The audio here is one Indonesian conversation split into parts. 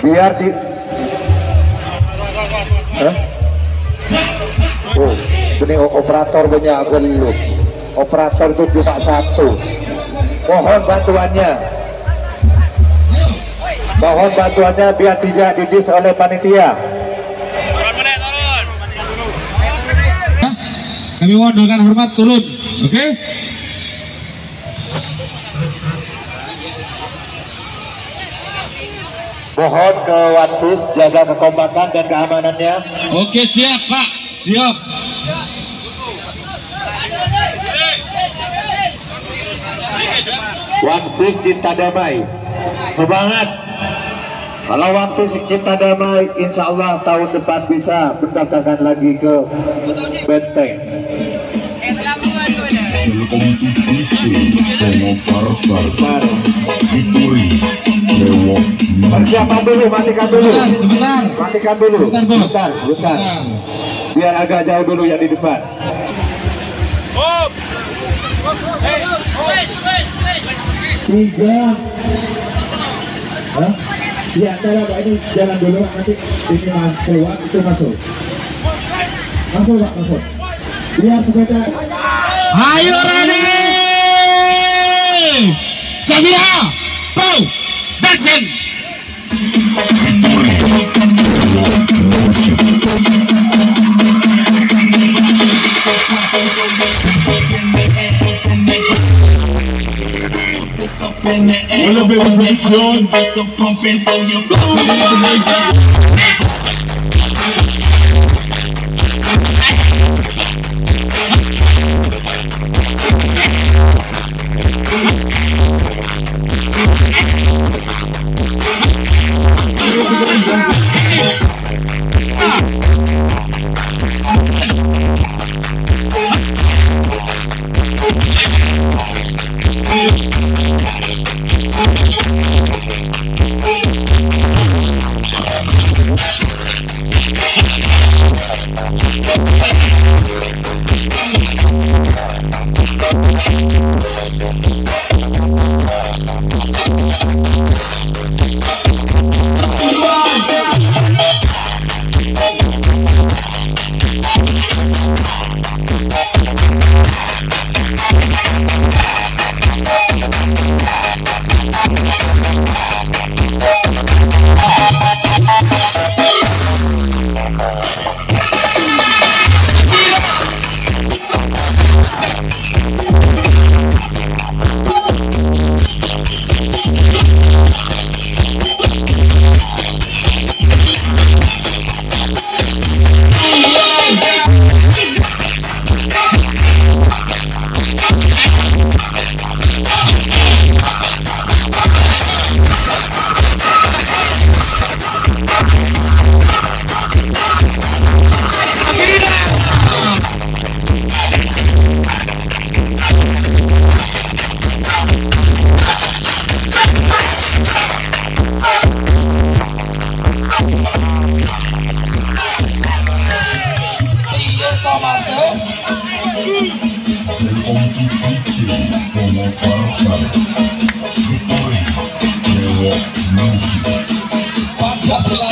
biar di Hah? Oh, ini operator banyak aku lu operator itu cuma satu mohon bantuannya mohon bantuannya biar tidak didis oleh panitia kami mohon dengan hormat turun oke okay? Mohon ke Wanfis jaga kekompakan dan keamanannya. Oke siap Pak, siap. One Cinta Damai Semangat Kalau One Cinta Damai Insya Allah tahun depan bisa mendatangkan lagi ke Benteng itu Tengok barbar Persiapan dulu, matikan dulu. Matikan dulu. Sebentar, sebentar. Biar agak jauh dulu yang di depan. Tiga. Hah? Di antara Pak ini jalan dulu nanti ini mas keluar itu masuk. Masuk Pak, masuk. Biar sepeda. Ayo Rani. Samira, Pau, Benson. Well, I've been with John. Música Papa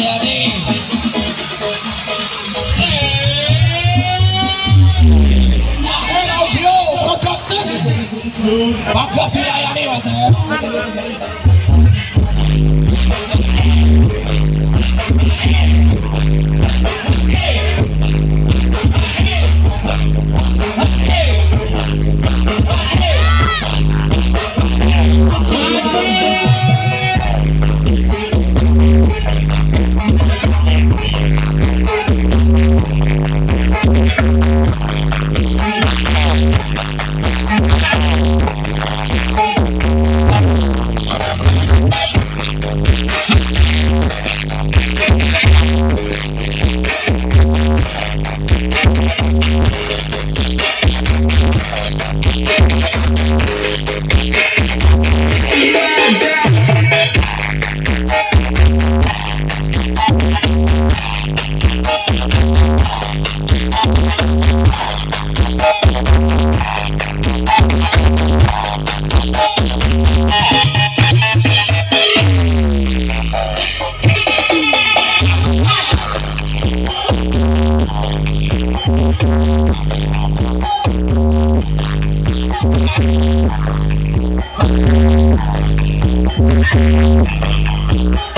Thank you.